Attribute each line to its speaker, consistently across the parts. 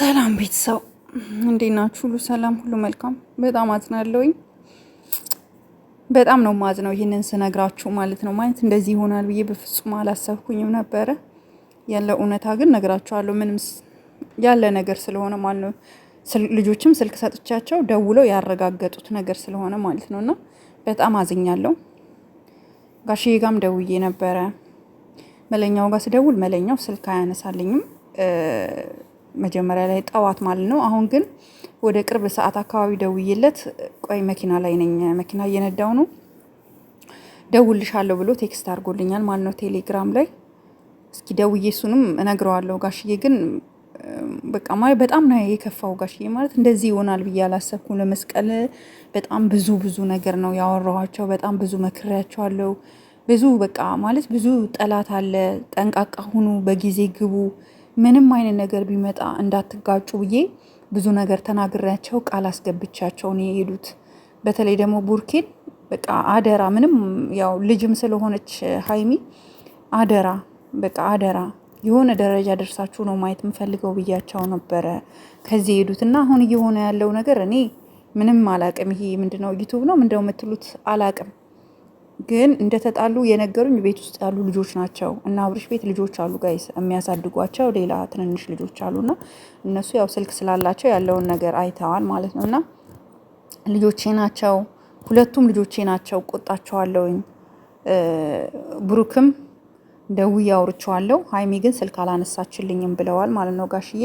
Speaker 1: ሰላም ቤተሰብ እንዴት ናችሁ? ሁሉ ሰላም፣ ሁሉ መልካም። በጣም አዝናለሁኝ። በጣም ነው ማዝነው ይህንን ስነግራችሁ ማለት ነው። ማለት እንደዚህ ይሆናል ብዬ በፍጹም አላሰብኩኝም ነበረ። ያለ እውነታ ግን ነግራችኋለሁ። ምንም ያለ ነገር ስለሆነ ማለት ነው። ልጆችም ስልክ ሰጥቻቸው ደውለው ያረጋገጡት ነገር ስለሆነ ማለት ነው። እና በጣም አዝኛለሁ። ጋሽዬ ጋም ደውዬ ነበረ። መለኛው ጋር ስደውል መለኛው ስልክ አያነሳልኝም መጀመሪያ ላይ ጠዋት ማለት ነው። አሁን ግን ወደ ቅርብ ሰዓት አካባቢ ደውዬለት ቆይ መኪና ላይ ነኝ፣ መኪና እየነዳው ነው፣ ደውልሻለሁ ብሎ ቴክስት አድርጎልኛል ማለት ነው ቴሌግራም ላይ። እስኪ ደውዬ እሱንም እነግረዋለሁ። ጋሽዬ ግን በቃ ማለት በጣም ነው የከፋው። ጋሽዬ ማለት እንደዚህ ይሆናል ብዬ አላሰብኩም። ለመስቀል በጣም ብዙ ብዙ ነገር ነው ያወራኋቸው። በጣም ብዙ መክሬያቸዋለሁ። ብዙ በቃ ማለት ብዙ ጠላት አለ። ጠንቃቃ ሁኑ፣ በጊዜ ግቡ ምንም አይነት ነገር ቢመጣ እንዳትጋጩ ብዬ ብዙ ነገር ተናግሬያቸው ቃል አስገብቻቸው ነው የሄዱት። በተለይ ደግሞ ቡርኬን በቃ አደራ ምንም ያው ልጅም ስለሆነች ሀይሚ አደራ በቃ አደራ የሆነ ደረጃ ደርሳችሁ ነው ማየት የምፈልገው ብያቸው ነበረ ከዚህ ሄዱት እና አሁን እየሆነ ያለው ነገር እኔ ምንም አላቅም። ይሄ ምንድነው ዩቱብ ነው ምንድነው የምትሉት አላቅም። ግን እንደተጣሉ የነገሩኝ ቤት ውስጥ ያሉ ልጆች ናቸው እና አብርሽ ቤት ልጆች አሉ ጋይስ፣ የሚያሳድጓቸው ሌላ ትንንሽ ልጆች አሉና እነሱ ያው ስልክ ስላላቸው ያለውን ነገር አይተዋል ማለት ነው። እና ልጆቼ ናቸው፣ ሁለቱም ልጆቼ ናቸው። ቆጣቸዋለውኝ ብሩክም ደውዬ አውርቼዋለሁ። ሀይሚ ግን ስልክ አላነሳችልኝም ብለዋል ማለት ነው ጋሽዬ።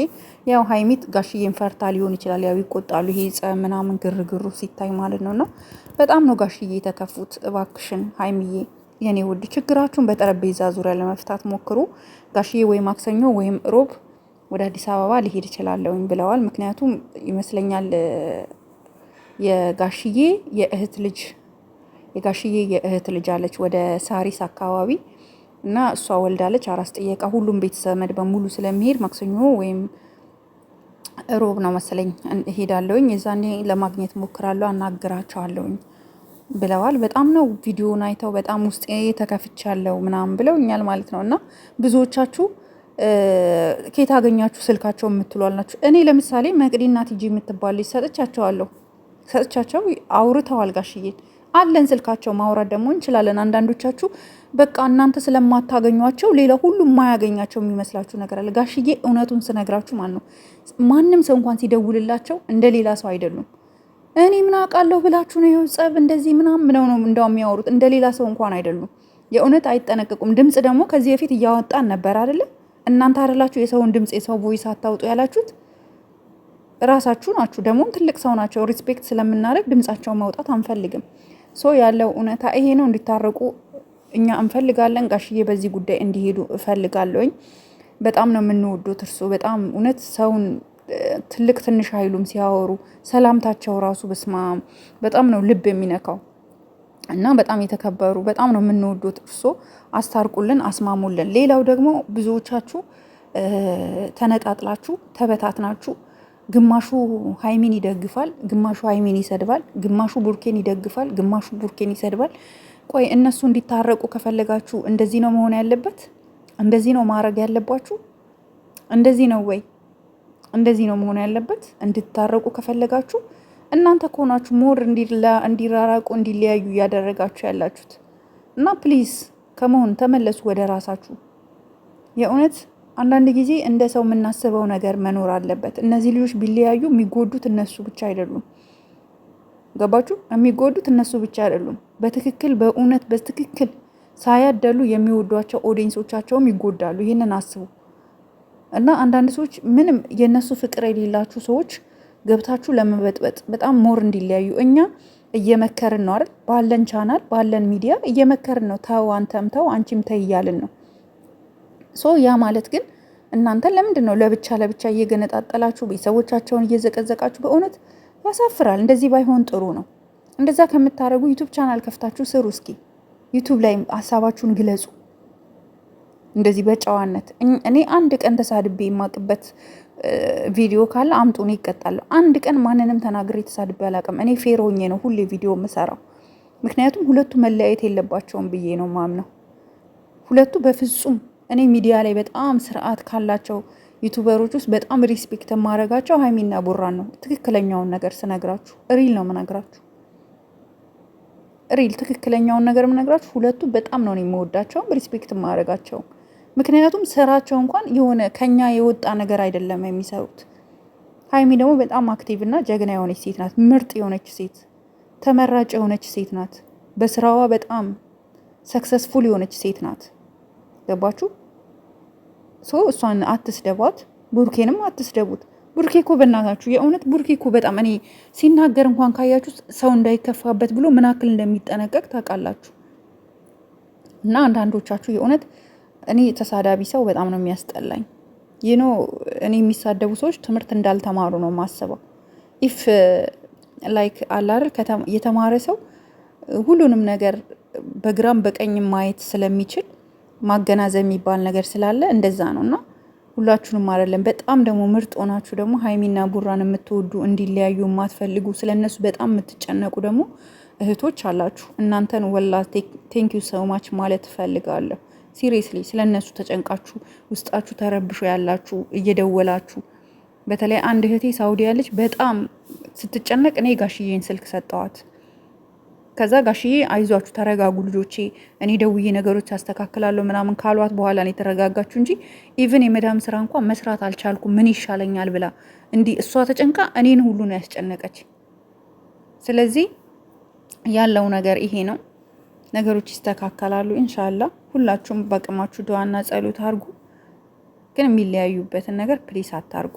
Speaker 1: ያው ሀይሚት ጋሽዬን ፈርታ ሊሆን ይችላል። ያው ይቆጣሉ፣ ይሄ ጸ ምናምን ግርግሩ ሲታይ ማለት ነው። እና በጣም ነው ጋሽዬ የተከፉት። እባክሽን ሀይሚዬ የኔ ውድ ችግራችሁን በጠረጴዛ ዙሪያ ለመፍታት ሞክሩ። ጋሽዬ ወይ ማክሰኞ ወይም ሮብ ወደ አዲስ አበባ ሊሄድ ይችላለሁኝ ብለዋል። ምክንያቱም ይመስለኛል የጋሽዬ የእህት ልጅ የጋሽዬ የእህት ልጅ አለች ወደ ሳሪስ አካባቢ እና እሷ ወልዳለች አራስ ጥየቃ ሁሉም ቤተሰመድ በሙሉ ስለሚሄድ ማክሰኞ ወይም ሮብ ነው መሰለኝ እሄዳለሁኝ። የዛኔ ለማግኘት ሞክራለሁ፣ አናግራቸዋለሁኝ ብለዋል። በጣም ነው ቪዲዮን አይተው በጣም ውስጤ ተከፍቻለሁ ምናምን ብለውኛል ማለት ነው። እና ብዙዎቻችሁ ኬት አገኛችሁ ስልካቸው የምትሏላችሁ። እኔ ለምሳሌ መቅዲና ቲጂ የምትባል ልጅ ሰጥቻቸዋለሁ ሰጥቻቸው አውርተዋል ጋሽዬን አለን ስልካቸው ማውራት ደግሞ እንችላለን። አንዳንዶቻችሁ በቃ እናንተ ስለማታገኟቸው ሌላ ሁሉም ማያገኛቸው የሚመስላችሁ ነገር አለ። ጋሽዬ እውነቱን ስነግራችሁ ማን ነው ማንም ሰው እንኳን ሲደውልላቸው እንደ ሌላ ሰው አይደሉም። እኔ ምን አውቃለሁ ብላችሁ ነው ጸብ እንደዚህ ምናምን ነው ነው እንደው የሚያወሩት። እንደ ሌላ ሰው እንኳን አይደሉም። የእውነት አይጠነቀቁም። ድምፅ ደግሞ ከዚህ በፊት እያወጣን ነበር አይደለም? እናንተ አይደላችሁ የሰውን ድምፅ የሰው ቮይስ አታውጡ ያላችሁት ራሳችሁ ናችሁ። ደግሞም ትልቅ ሰው ናቸው። ሪስፔክት ስለምናደርግ ድምፃቸውን መውጣት አንፈልግም። ሶ ያለው እውነታ ይሄ ነው። እንዲታረቁ እኛ እንፈልጋለን። ጋሽዬ በዚህ ጉዳይ እንዲሄዱ እፈልጋለሁኝ። በጣም ነው የምንወዱት እርሶ በጣም እውነት ሰውን ትልቅ ትንሽ አይሉም ሲያወሩ፣ ሰላምታቸው ራሱ በስማ በጣም ነው ልብ የሚነካው እና በጣም የተከበሩ በጣም ነው የምንወዱት እርሶ። አስታርቁልን፣ አስማሙልን። ሌላው ደግሞ ብዙዎቻችሁ ተነጣጥላችሁ ተበታትናችሁ ግማሹ ሀይሚን ይደግፋል፣ ግማሹ ሀይሚን ይሰድባል፣ ግማሹ ቡርኬን ይደግፋል፣ ግማሹ ቡርኬን ይሰድባል። ቆይ እነሱ እንዲታረቁ ከፈለጋችሁ እንደዚህ ነው መሆን ያለበት? እንደዚህ ነው ማድረግ ያለባችሁ? እንደዚህ ነው ወይ? እንደዚህ ነው መሆን ያለበት? እንድታረቁ ከፈለጋችሁ እናንተ ከሆናችሁ ሞር እንዲራራቁ እንዲለያዩ እያደረጋችሁ ያላችሁት እና ፕሊዝ ከመሆን ተመለሱ ወደ ራሳችሁ የእውነት አንዳንድ ጊዜ እንደ ሰው የምናስበው ነገር መኖር አለበት። እነዚህ ልጆች ቢለያዩ የሚጎዱት እነሱ ብቻ አይደሉም። ገባችሁ? የሚጎዱት እነሱ ብቻ አይደሉም። በትክክል በእውነት በትክክል ሳያደሉ የሚወዷቸው ኦዲየንሶቻቸውም ይጎዳሉ። ይህንን አስቡ እና አንዳንድ ሰዎች ምንም የእነሱ ፍቅር የሌላችሁ ሰዎች ገብታችሁ ለመበጥበጥ በጣም ሞር እንዲለያዩ እኛ እየመከርን ነው አይደል? ባለን ቻናል ባለን ሚዲያ እየመከርን ነው። ተው አንተም ተው አንቺም ተይ እያልን ነው ሶ ያ ማለት ግን እናንተ ለምንድን ነው ለብቻ ለብቻ እየገነጣጠላችሁ ቤተሰቦቻቸውን እየዘቀዘቃችሁ? በእውነት ያሳፍራል። እንደዚህ ባይሆን ጥሩ ነው። እንደዛ ከምታደርጉ ዩቱብ ቻናል ከፍታችሁ ስሩ። እስኪ ዩቱብ ላይ ሀሳባችሁን ግለጹ። እንደዚህ በጨዋነት እኔ አንድ ቀን ተሳድቤ የማቅበት ቪዲዮ ካለ አምጡ፣ እኔ ይቀጣለሁ። አንድ ቀን ማንንም ተናግሬ ተሳድቤ አላውቅም። እኔ ፌር ሆኜ ነው ሁሌ ቪዲዮ የምሰራው፣ ምክንያቱም ሁለቱ መለያየት የለባቸውም ብዬ ነው ማምነው። ሁለቱ በፍጹም እኔ ሚዲያ ላይ በጣም ስርዓት ካላቸው ዩቱበሮች ውስጥ በጣም ሪስፔክት የማደርጋቸው ሀይሚና ቡራን ነው። ትክክለኛውን ነገር ስነግራችሁ ሪል ነው የምነግራችሁ፣ ሪል ትክክለኛውን ነገር የምነግራችሁ። ሁለቱ በጣም ነው የምወዳቸውም ሪስፔክት የማደርጋቸው። ምክንያቱም ስራቸው እንኳን የሆነ ከኛ የወጣ ነገር አይደለም የሚሰሩት። ሀይሚ ደግሞ በጣም አክቲቭ እና ጀግና የሆነች ሴት ናት። ምርጥ የሆነች ሴት፣ ተመራጭ የሆነች ሴት ናት። በስራዋ በጣም ሰክሰስፉል የሆነች ሴት ናት። ገባችሁ? ሶ እሷን አትስደቧት፣ ቡርኬንም አትስደቡት። ቡርኬ እኮ በእናታችሁ የእውነት ቡርኬ እኮ በጣም እኔ ሲናገር እንኳን ካያችሁ ሰው እንዳይከፋበት ብሎ ምን ያክል እንደሚጠነቀቅ ታውቃላችሁ። እና አንዳንዶቻችሁ የእውነት እኔ ተሳዳቢ ሰው በጣም ነው የሚያስጠላኝ። ይኖ እኔ የሚሳደቡ ሰዎች ትምህርት እንዳልተማሩ ነው የማስበው። ኢፍ ላይክ አላርል የተማረ ሰው ሁሉንም ነገር በግራም በቀኝ ማየት ስለሚችል ማገናዘብ የሚባል ነገር ስላለ እንደዛ ነው እና ሁላችሁንም አይደለም። በጣም ደግሞ ምርጥ ሆናችሁ ደግሞ ሀይሚና ቡራን የምትወዱ እንዲለያዩ የማትፈልጉ ስለ እነሱ በጣም የምትጨነቁ ደግሞ እህቶች አላችሁ። እናንተን ወላ ቴንኪዩ ሰውማች ማለት እፈልጋለሁ። ሲሪየስሊ ስለ እነሱ ተጨንቃችሁ ውስጣችሁ ተረብሾ ያላችሁ እየደወላችሁ በተለይ አንድ እህቴ ሳውዲ ያለች በጣም ስትጨነቅ እኔ ጋሽዬን ስልክ ሰጠዋት። ከዛ ጋሽዬ አይዟችሁ ተረጋጉ ልጆቼ፣ እኔ ደውዬ ነገሮች አስተካክላለሁ ምናምን ካሏት በኋላ ነው የተረጋጋችሁ እንጂ ኢቭን የመዳም ስራ እንኳን መስራት አልቻልኩ ምን ይሻለኛል ብላ እንዲህ እሷ ተጨንቃ እኔን ሁሉ ነው ያስጨነቀች። ስለዚህ ያለው ነገር ይሄ ነው። ነገሮች ይስተካከላሉ ኢንሻላ። ሁላችሁም በቅማችሁ ድዋና ጸሎት አርጉ ግን የሚለያዩበትን ነገር ፕሊስ አታርጉ።